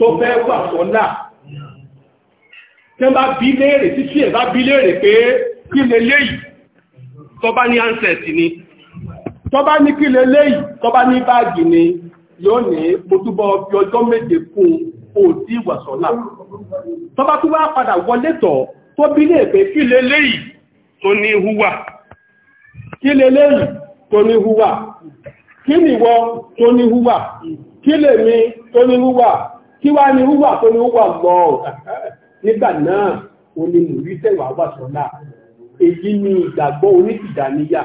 tó fẹ́ wà sọ́nà tí wọ́n bá bí léèrè títí ẹ̀ bá bí léèrè pé kí lè léyìí tó bá ní ansẹ̀t ni tó bá ní kí lè léyìí tó bá ní báàgì ni yóò ní mo túbọ̀ fi ọjọ́ méje kún òdí ìwà sọ́nà tó bá tún wá padà wọlé tọ̀ tó bí léèrè pé kí lè léyìí tó ní kí wá ní wúwà tó ní wúwà lọ nígbà náà o ní mùrí tẹ̀wà wà sọ́lá èyí ni ìgbàgbọ́ onítìdàníyà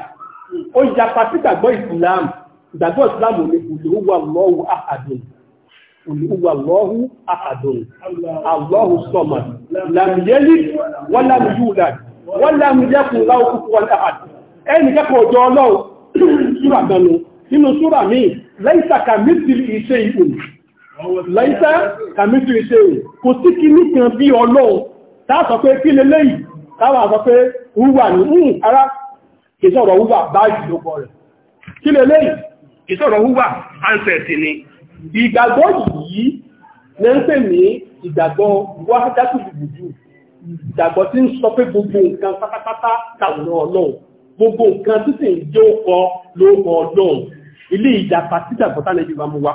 ó yapa sí ìgbàgbọ́ ìsìlámù ìgbàgbọ́ ìsìlámù ní olùwà lọ́wọ́ àhàdùn olùwà lọ́wọ́ àhàdùn Allahu sọ́mà làmìyẹ́lì wọ́n lámìyúlà wọ́n lámìyẹ́kùn láwọ́kùn wọn àhàdùn ẹni kẹ́kọ̀ọ́ ọjọ́ ọlọ́run láìsá kàmítù ìṣe kò sí kí ní kan bí ọlọ́run táàsọ pé kí lélẹ́ yìí táwà sọ pé wúwà ní ń ara ìṣọ̀rọ̀ wúwà báyìí lókọ rẹ̀ kí lélẹ́ yìí ìṣọ̀rọ̀ wúwà ansẹ̀tì ni ìgbàgbọ́ yìí ní ń pè ní ìgbàgbọ́ wá dákùlùgbùdù ìgbàgbọ́ tí ń sọ pé gbogbo nǹkan pátápátá tàwòrán ọlọ́run gbogbo nǹkan títí ń jẹ́ ó kọ lóókọ ọlọ́run ilé ìjàpá tí ìgbàgbọ́ tánẹ́jú bá mú wa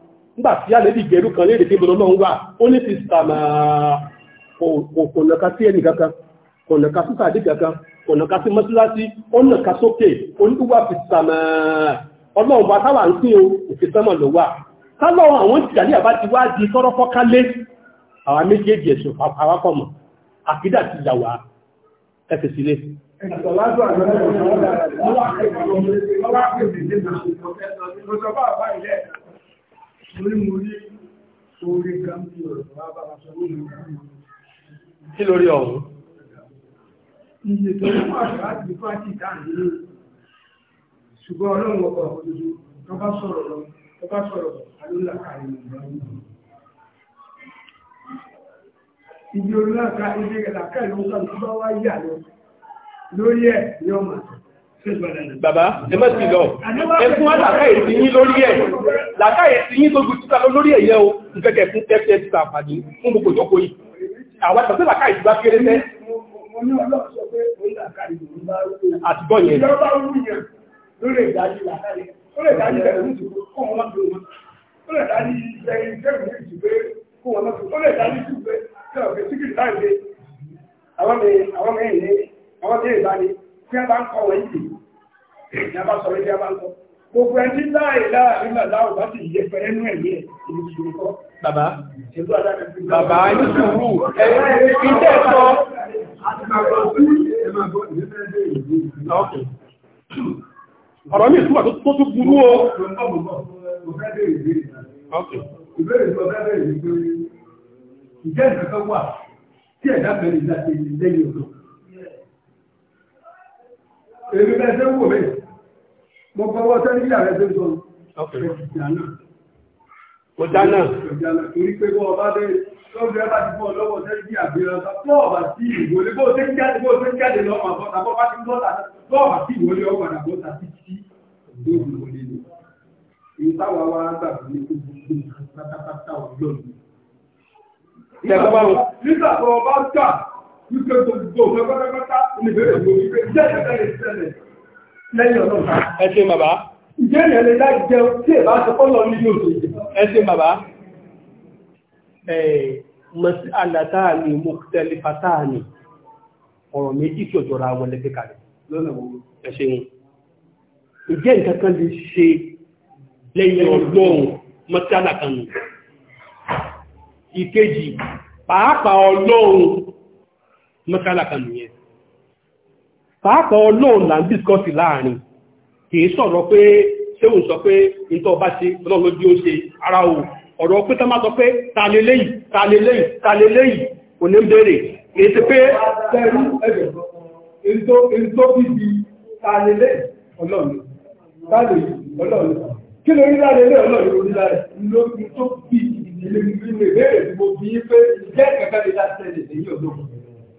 nígbà tí àlébì kan léde tí bọ́lọ́ wà ó ní ti sàmà kònàka sí ẹnì kankan kònàka sí sàdé kankan kònàka sí mọ́síláṣí ó sókè ó fi sàmà ọlọ́run bá táwà ń pín o òfin sánmà ló wà kálọ́run àwọn ìjàlẹ̀ ti di Ìjọba àbá lórí mo rí orí gàmbí ọ̀rọ̀ bàbá aṣọ lórí ọ̀rọ̀ kí lórí ọ̀hún iye tó ń pàṣẹ láti fún àti ìdáàdé ṣùgbọ́n ọlọ́run ọkọ̀ òdodo tó bá sọ̀rọ̀ lọ tó bá sọ̀rọ̀ alólàkàrí ibi olùlàkà lórí ẹ̀ ní ọmọ Bàbá, ẹ mọ́ sí lọ, ẹkún wá làkáyè sí yín lórí ẹ̀, làkáyè sí yín tó gbùtúta lórí ẹ̀yẹ́ o, ìfẹ́kẹ̀ fún ẹ̀fẹ́ ti sàǹfààní fún gbogbo ìjọ́kó yìí. Àwọn àtàtẹ́ làkáyè ti bá kéré fẹ́. Àtìgbọ́ yẹn. Ìjọba wú yẹn lórí ìdájí làkáyè, lórí ìdájí lẹ́rù ń tìkó kọ́ wọn lọ́dún wọn, lórí ìdájí lẹ́rù ń tìkó kọ́ wọn lọ́dún wọn, lórí ìdájí lẹ́rù ń tìkó kọ́ wọn lọ́dún èèyàn bá sọ rí bí a bá lọ gbogbo ẹni láàyè láàrin làlá ò bá sì yẹ pẹrẹ nú ẹ̀mí ẹ̀ ìlú sùúrù kọ́. bàbá bàbá ní sùúrù ìtẹ́ sọ. ọ̀rọ̀ mi ìtumọ̀ tó tún burú o. ìbéèrè tó bẹ́ẹ̀ bẹ́ẹ̀ ni pé ìjẹ́ ìfẹ́fẹ́ wà tí ẹ̀dá bẹ̀rẹ̀ ìdájẹ́ lẹ́yìn ọ̀dọ́ èmi bẹ́ẹ̀ ṣe wò bẹ́ẹ̀ mo fọwọ́ sẹ́ni ìyá rẹ̀ ṣe sọ kò dáná kò dáná torí pé bọ́ ọba bẹ́ẹ̀ lọ́wọ́ bá ti bọ́ lọ́wọ́ sẹ́ni ìyá bí ọ tọ́ ọba sí ìwọlé bó ṣe ń jáde bó ṣe ń jáde lọ́wọ́ àbọ̀tà bọ́ bá ti ń bọ́ta tọ́ ọba sí ìwọlé ọgbà àbọ̀tà sí sí ìwọlé ìwọlé ni ìtawà wa gbàgbọ́ ní gbogbo ọjọ́ yìí. nígbà wípé gbogbo ọ̀gá pátápátá oníbẹ̀rẹ̀ gbogbo wípé jẹ́ẹ̀ẹ́rẹ́ ìṣẹ̀lẹ̀ lẹ́yìn ọlọ́ta. ẹ ṣe bàbá. ìjẹ́ ìyẹn lè dá jẹun tí èbá sọ fọ́lọ́ nínú òṣèlú. ẹ ṣe bàbá. mọ̀sí àlàtáàní mọ̀kútẹ́lì pátáàní ọ̀rọ̀ méjì tí òjòra wọn lẹ́gbẹ́ kalẹ̀ ẹ ṣe wọn. ìjẹ́ nǹkan kan lè ṣe lẹ́yìn ọlọ́run mọ̀sí àlàkan nù. ìkejì pàápàá ọlọ́run mọ́ṣálà kan nìyẹn pàápàá ọlọ́run là ń dìskọ́sì láàrin kìí sọ̀rọ̀ pé ṣéhùn sọ pé ìtọ́ bá ṣe ọlọ́run bí ó ṣe ara o ọ̀rọ̀ pé tá má sọ pé ta lè léyìí ta lè léyìí ta lè léyìí kò ní bèèrè kìí ṣe pé tẹ́rú ẹ̀bẹ̀ ètò bíbi ta lè léyìí ọlọ́run ta lè ọlọ́run kí lórí láre lé ọlọ́run lórí láre lórí tó bí ìdílé mi bí mi bèèrè mo bí pé jẹ́ kẹ̀kẹ́ mi láti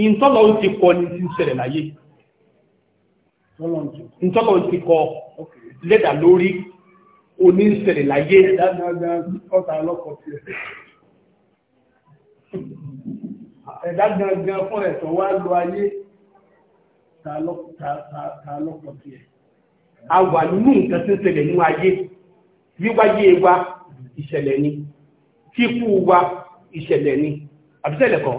ìntọ́lọ̀ ó ti kọ ní ti ṣẹlẹ̀ láyé ìntọ́lọ̀ ó ti kọ lẹ́dà lórí oní ṣẹlẹ̀ láyé ẹ̀dá gangan fún ẹ̀tọ́ wá lọ ayé ta lọ́pọ̀ tí ẹ̀ a wà nínú nǹkan tí ń ṣẹlẹ̀ ní ayé wíwáyé wa ìṣẹ̀lẹ̀ ni kíkú wa ìṣẹ̀lẹ̀ ni àbíṣẹ̀lẹ̀ kan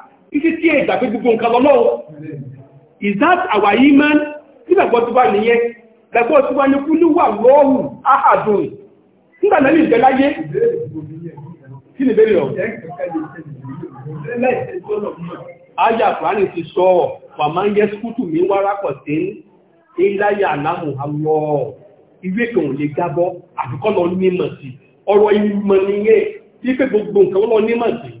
títí tí ẹ̀dà pé gbogbo nǹkan lọ́lọ́wọ́ is that our iman tí gbàgbọ́ tí wá nìyẹn gbàgbọ́ tí wá ní kú ní wà lọ́wù áhàdùn nígbà náà lè jẹ́láyé kí ni bẹ́rẹ̀ ọ̀ ayà kùránì ti sọ pàmá ń yẹ skútù mi wárápọ̀ tí ń láyà aláhù àwọ̀ ìwé kan lè jábọ́ àfikọ́ lọ nímọ̀ sí ọ̀rọ̀ ìmọ̀ nìyẹn tí pé gbogbo nǹkan lọ nímọ̀ sí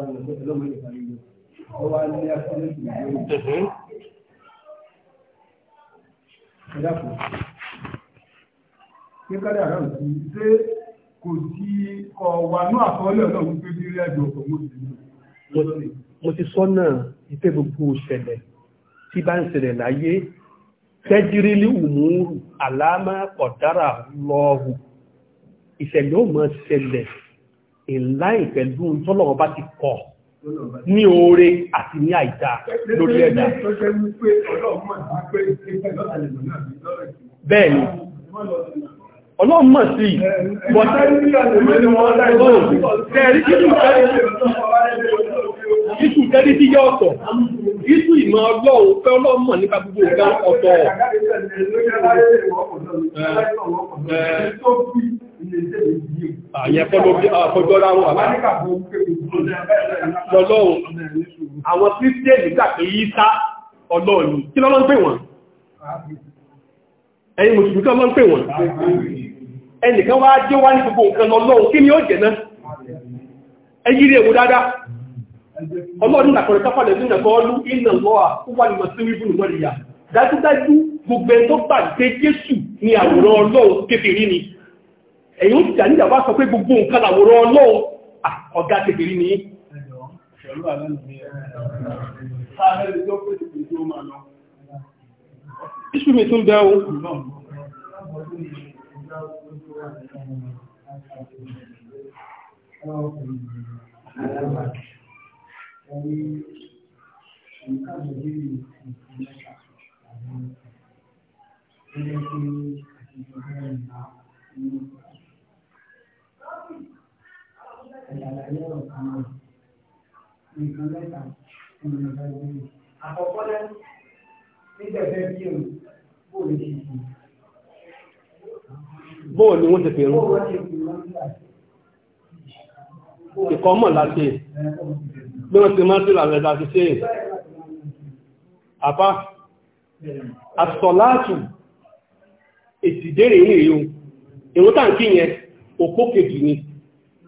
bá lọ sí ọlọ́mọ ìgbà yìí ó wá ní àkíyèsí ìgbé ìdáàbò ní kádà rẹ̀ sí ṣé kò sí kọ̀ wà ní àkọọ́lẹ̀ ọlọ́run pé bí ilé ẹ̀dùn ọkọ̀ mo ti sọ́nà ìfẹ́ gbogbo òṣẹ̀lẹ̀ tí bá ń ṣẹlẹ̀ láyé tẹ́jírílì umuru àlámà ọ̀dára lọ́ọ̀hù ìṣẹ̀lẹ̀ ó mọ́ ṣẹlẹ̀ ìláìpẹ̀lú tọ́lọ̀wọ́ bá ti kọ̀ ní oore àti ní àìdá lórí ẹ̀dá. Bẹ́ẹ̀ni, ọlọ́run mọ̀ sí Ìsù tẹ́lí tí yẹ́ ọ̀tọ̀, ìsù ìmọ̀ ọlọ́run pé ọlọ́run mọ̀ nípa gbogbo ọ̀gá ọ̀tọ̀. Àyẹ̀kọ́ ah, ló bí àfọjọ́ra wọn àbá. Lọ́lọ́run, àwọn Kírísítẹ́nì gbà pé yíká ọlọ́ọ̀ni, kí lọ́lọ́ ń pè wọ́n? Ẹ̀yin Mùsùlùmí kọ́ lọ́ ń pè wọ́n? Ẹnìkan wá jẹ́ wá ní gbogbo nǹkan lọ́lọ́run, kí ni ó jẹ́ náà? Ẹjí rí ewu dáadáa. Ọlọ́run nàkọ̀rẹ̀ káfàlẹ̀ nínú ẹ̀kọ́ ọlú ìnà lọ́wà ó wà ní Màsíwí Bùnú Mọ́ríyà. Dájúdájú gbogbo ẹ̀ tó gbà pé Jésù ni àwòrán Ọlọ́run kékeré ni ẹ̀yìn ìjà níjà bá sọ pé gbogbo nǹkan làwòrán ọlọ́run ah, ọ̀gá kékeré ni ìṣúmi tún dá o Thank you àyàlàyé ọ̀rọ̀ kan náà nǹkan mẹ́ta ènìyàn bá gbé e. àkọ́kọ́ náà nígbà fẹ́ kí o bó lè ṣe kù. bóò ni wọ́n ti fi rún. ìkọ́ mọ̀ láti bí wọ́n ti máa ń sílà rẹ̀ láti ṣe é. àbá àsọ̀láàtù ètìdérè ní èyí o èrò tàǹkì yẹn òpó kejì ni.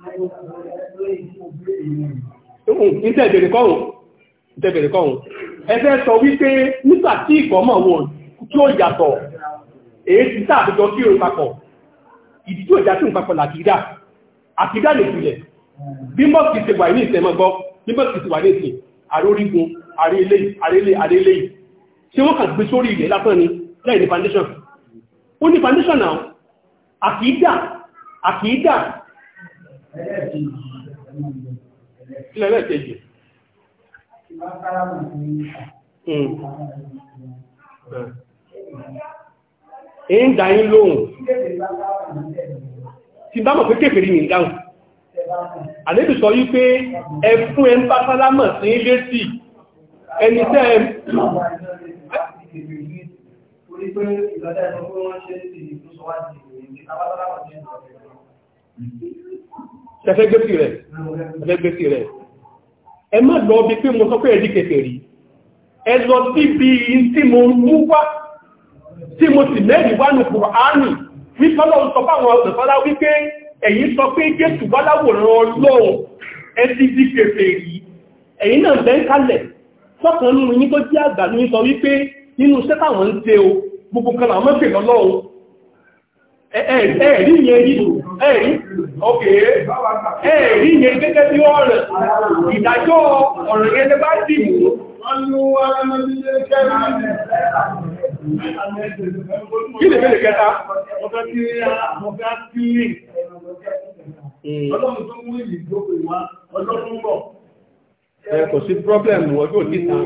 Ìṣẹ́ ìbẹ̀rẹ̀ kọ́hùn. Ìṣẹ́ ìbẹ̀rẹ̀ kọ́hùn. Ẹfẹ́ sọ wípé nígbà tí ìkọ́mọ̀ wò tí ó yàtọ̀, èé ti sáàbùjọ kí o papọ̀. Ìdí tí ó jà tí ń papọ̀ làkìdá. Àkìdá lè pìlẹ̀. Bí mọ́sí ti wà ní ìsẹ̀mọ́ gbọ́, bí mọ́sí ti wà ní ìsìn, àrórígun, àrélé, àrélé, àrélé. Ṣé wọ́n kàn gbé sórí ilẹ̀ lásán ni lẹ́yìn foundation? Ó ní foundation náà, àkìdá, ẹlẹ́ẹ̀kejì èyí hmm. dá yín lóhùn tí bá mọ̀ pé kéfèrí ní ìdáhùn àlébì sọ yí pé ẹfún ẹ ń bá sálámọ̀ sí ilé sí ẹni tẹ́ ẹ Thank ṣẹfẹ́ gbèsè rẹ̀ ṣẹfẹ́ gbèsè rẹ̀ ẹ má lọ bí pé mo sọ pé ẹ̀dí kẹfẹ́ rí ẹ lọ síbi tí mo mú wá tí mo sì mẹ́rin wá nù Kùránì wípé lọ́wọ́ sọ fáwọn ọ̀sọ̀fọ́lá wípé ẹ̀yin sọ pé Jésù wá láwòrán Ọlọ́run ẹ̀dí di kẹfẹ́ rí ẹ̀yin náà bẹ́ kalẹ̀ sọ́kàn nínú yín tó jẹ́ àgbà ní sọ wípé nínú sẹ́tàwọn ń tẹ ẹ̀rí yẹn nínú ẹ̀rí ọkẹ̀ ẹ̀rí yẹn gẹ́gẹ́ bí ọ̀rẹ̀ ìdájọ́ ọ̀rẹ̀ yẹn tẹ́ bá dì mú kí lè mẹ́lẹ̀ kẹta hmm. ọlọ́run tó mú ìdókòwò wá ọlọ́run bọ̀ kò sí problem ọjọ́ òní ìtàn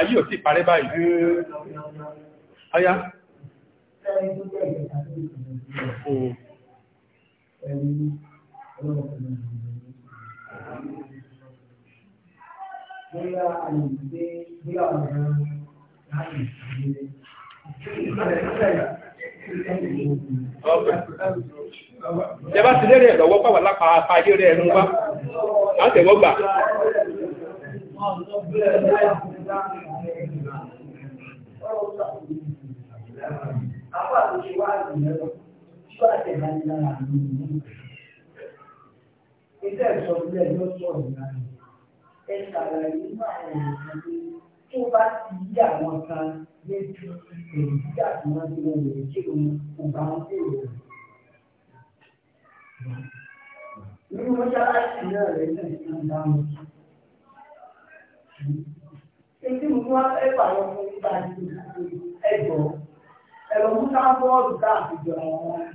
ayé ò tí parẹ́ báyìí. Hmm. Aya. Bóyá àyè ti lérè lọ́wọ́ pàwà lápá ayé rẹ̀ ẹnu wá, a tẹ̀wọ́ gbà. Àwọn àti ṣe wá ìrìnlẹ́wọ̀ sọ àtẹ̀jáde lára àwọn ènìyàn. Iṣẹ́ ìsọ̀bílẹ̀ yóò sọ̀rọ̀ lára ẹ ṣàlàyé nínú àwọn ènìyàn pé tó bá ti yí àwọn kan létí èyí tí àtúnwá ti wọn lè kí wọn kò bá ń bèrè rẹ̀. Nínú mọ́ṣáláṣí náà rẹ̀ náà ti ń dá wọn Ètí mo wá fẹ́ pàrọ̀ fún nípa ìdíje ẹ̀jọ̀ ẹ̀rọ mú sábọ́ọ̀lù káàkiri àwọn ọmọ rẹ̀.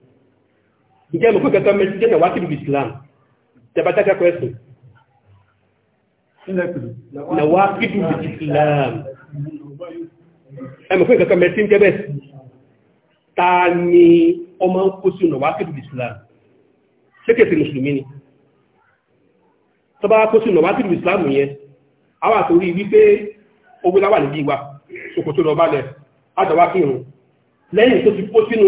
ǹjẹ́ ẹ̀mọ̀ pín kankan mẹ́rin jẹ́nà wá sí ibi Islam tẹbàtàkà kwẹ́sìn na wá sí ibi Islam ẹ̀mọ̀ pín kankan mẹ́rin jẹ́bẹ̀ ta ni ọmọ kó sí na wá sí ibi Islam ṣékèsì mùsùlùmí ni tọba kó sí na wá sí ibi Islam yẹn àwọn àtòrí wípé owó láwà níbi wa ṣòkòtò lọ balẹ̀ àdọ̀wá kírun lẹ́yìn tó ti kó sínú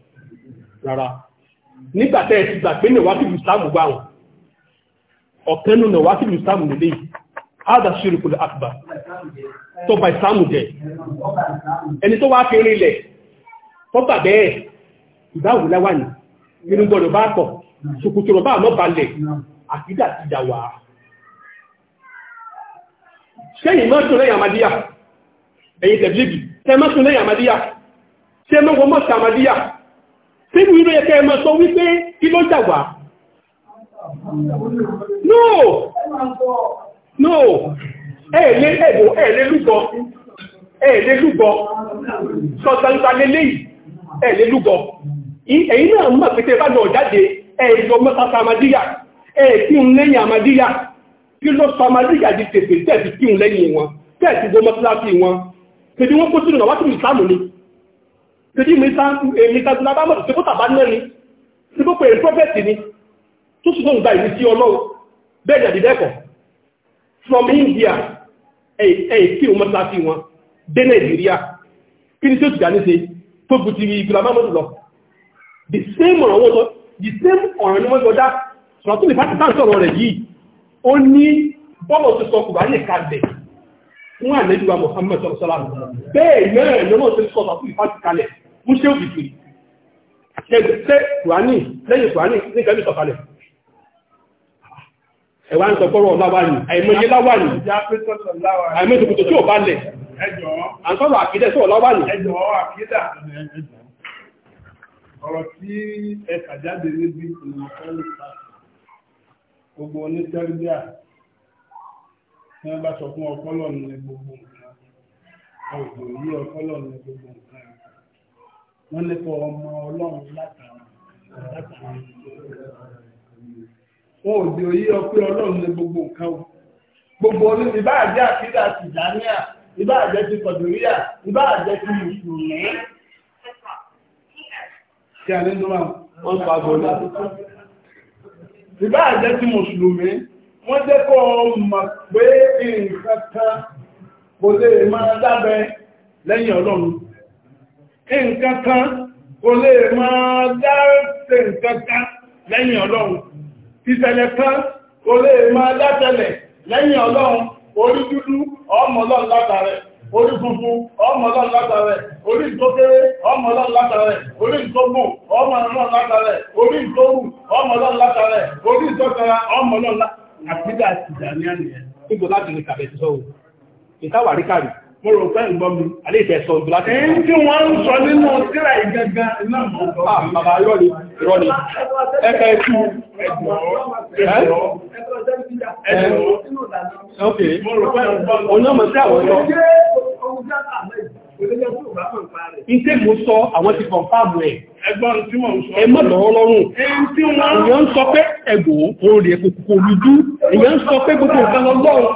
rárá nígbàtẹ́ ẹ̀ ti gbà pé nàwákìlù islam gbà wọn ọ̀kẹ́nu nàwákìlù islam nílé hádà ṣírùkùlù àkùbà tó bá islam jẹ ẹni tó wá kéré lẹ̀ tọ́gbà bẹ́ẹ̀ ìbáwò láwà ní inú gbọ́dọ̀ bá pọ̀ ṣùkùtùrù bá mọ́ balẹ̀ àkídà ti dà wà ṣẹ́yìn mọ́tún lẹ́yìn àmàdíyà ẹ̀yìn tẹ̀blígì tẹ́ mọ́tún lẹ́yìn àmàdíyà tẹ́ mọ́gbọ́n mọ́tún àmàdíyà Tébù inú ẹ̀kẹ́ ẹmọ sọ wípé kí ló jàgbà? No! No! Ẹ̀ẹ̀lẹ́ ẹ̀bò ẹ̀ẹ̀lẹ́ lúgọ. Ẹ̀ẹ̀lẹ́ lúgọ. Sọ̀tàǹtà lélẹ́ yìí. Ẹ̀ẹ̀lẹ́ lúgọ. Ẹ̀yin náà mọ̀ pété bá lọ jáde ẹ̀ẹ̀lọ mẹ́ta Amadíyà. Ẹ̀ẹ̀kí ń lẹ́yìn Amadíyà. Kí ló sọ Amadíyà di tètè tẹ́ẹ̀tì kí ń lẹ́yìn wọn? Tẹ́ẹ̀tì gbọmọ́tíláfì wọn. Tèbí wọ́n kó sínú ọ̀wá tẹ́tí mìtàdúnlá bá mọ̀tò sípò tàbá náà ni sípò pé prọfẹ́tì ni tó sì tó ń gba ìlú sí ọlọ́run bẹ́ẹ̀ jàdì dẹ́kọ̀ from India ẹ̀yìn kí o mọ́tà sí wọn dé Nàìjíríà kí ni tí ó ti gàní ṣe tó bù ti ìgbìlá bá mọ́tò lọ the same ọ̀rọ̀ wọ́n sọ the same ọ̀rọ̀ ni wọ́n sọ dá sọ̀rọ̀ tó lè bá ti bá sọ̀rọ̀ rẹ̀ yìí ó ní bọ́ọ̀lù tó sọ kùránì kalẹ̀ fún àlejò Muhammad sọ̀rọ̀ sọ́lá bẹ́ẹ̀ náà ni wọ́n ti sọ̀rọ̀ tó lè bá ti kalẹ̀ múṣẹ́ òbìtì ṣe tùwání lẹ́yìn tùwání ní kẹ́lú sọ̀kalẹ̀ ẹ̀wà ń sọpọ̀rọ̀ láwárí àìmọye láwárí àìmọye tòkòtò tí ò bá lẹ̀ àǹsọ́rọ̀ àkídẹ́ sọ̀rọ̀ láwárí ọ̀rọ̀ tí ẹ kàjáde níbi ìmọ̀kọ́lù gbogbo onítẹ́rìbíà tí wọ́n bá sọ fún ọpọlọ ní gbogbo nǹkan ọ̀gbọ̀n yí ọpọlọ ní gbogbo nǹkan wọ́n lẹ́tọ̀ ọmọ ọlọ́run látara látara wọn ò dé oyé ọ pé ọlọ́run lè gbogbo nǹkan o gbogbo olóyún ìbá àjẹ́ àkídà tìjàníà ìbá àjẹ́ ti kọ̀dùríà ìbá àjẹ́ ti mùsùlùmí. kí àlẹ́ ló máa wọ́n pa gbọ́dọ̀. ìbá àjẹ́ ti mùsùlùmí wọ́n jẹ́ kó mọ̀ pé nǹkan kan kò lè máa dábẹ́ lẹ́yìn ọlọ́run nǹkan kan kò lè máa dáṣe nǹkan kan lẹ́yìn ọlọ́run ìṣẹ̀lẹ̀ kan kò lè máa dátẹ̀lẹ̀ lẹ́yìn ọlọ́run orí dúdú ọmọ ọlọ́run látàrẹ orí funfun ọmọ ọlọ́run látàrẹ orí ìtókéré ọmọ ọlọ́run látàrẹ orí ìtógbò ọmọ ọlọ́run látàrẹ orí ìtórù ọmọ ọlọ́run látàrẹ orí ìtọ́kara ọmọ ọlọ́run látàrẹ àpídà àti ìdàníà nìyẹn nígbò láti lè kàbẹ̀ sọ́wọ́ ìtawàríkàrí mo rò pé ìgbọ́n mi alẹ́ ìfẹ́ sọ ìgbọ́n láti ẹ̀yìn tí wọ́n ń sọ nínú sílẹ̀ ìgẹ́gẹ́ ah, náà bàbá yọ́lì ìrọ́lì ẹ̀fẹ́ tú Ìté mo sọ àwọn ti kàn fáàbù ẹ̀. Ẹgbọ́n tí wọ́n sọ. Ẹ mọ́ lọ́rọ́ lọ́rùn. Èyàn ń sọ pé ẹgbò oòrùn ẹ̀kùnkùn olùdú. Èyàn ń sọ pé gbogbo nǹkan lọ́lọ́run.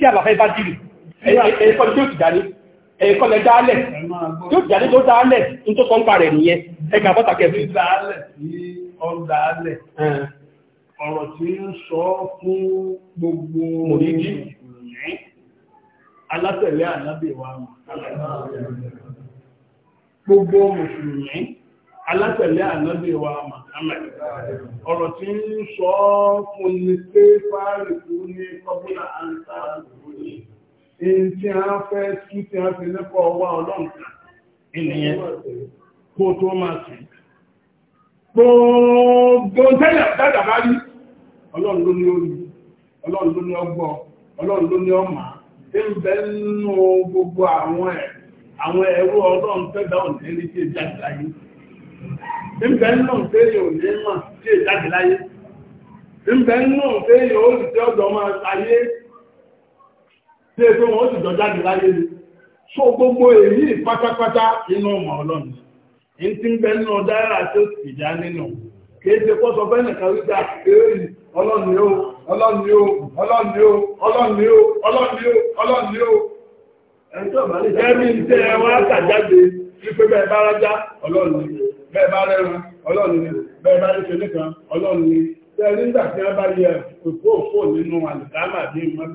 tí àlàfẹ́ bá dìrì ẹ̀ẹ́kọ́ tí ó ti dálé ẹ̀ẹ́kọ́ lẹ dálẹ̀ tí ó ti dálé tó dálẹ̀ ní tó sọ́npa rẹ̀ nìyẹn ẹgbà bọ́ta kẹfì ọ̀rọ̀ tí ń sọ fún gbogbo mòrídì alátẹ̀lẹ́ ànábì wa gbogbo mùsùlùmí alátẹ̀lé ànábì wa Muhammad ọ̀rọ̀ tí ń sọ fún ní pé fáàrí kú ní kọ́bùnà àǹtà òní in tí a fẹ́ kí tí a fi lẹ́kọ̀ọ́ wá ọlọ́ǹkà ènìyàn kó tó máa sì gbogbo tẹ́lẹ̀ dáadáa bá mgbe nù pé yóò siye mà tí è jáde láyé ńbẹ̀ nù pé yóò sì tí ọ̀dọ̀ máa ayé tí so gbogbo èyí pátápátá inú ọmọ ọlọ́run ní ti ń bẹ nù dára tó sì já nínú kìí ṣe kó sọ fẹ́ nìkan wípé àkéèrè ah, ọlọ́ni ó ọlọ́ni ó ọlọ́ni ó ọlọ́ni ó ọlọ́ni bẹ́ẹ̀ bá rẹrun ọlọ́run ni bẹ́ẹ̀ bá rí ṣe ọlọ́run ni tẹ́rí nígbà tí wọ́n bá yẹ òkú òkú nínú bí rẹ̀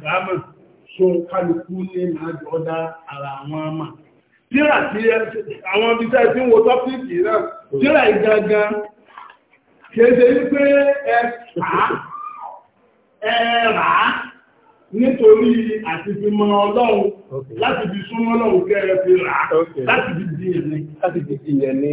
ṣe máa wí so kálukú ní máa jọ ara tí àwọn ti ń wo tọ́pìkì náà ìgangan ṣe wípé ẹ rà á nítorí àti fi mọ ọlọ́run láti fi súnmọ́ ọlọ́run kẹ́rẹ́ fi rà láti fi dìyẹ̀ ní.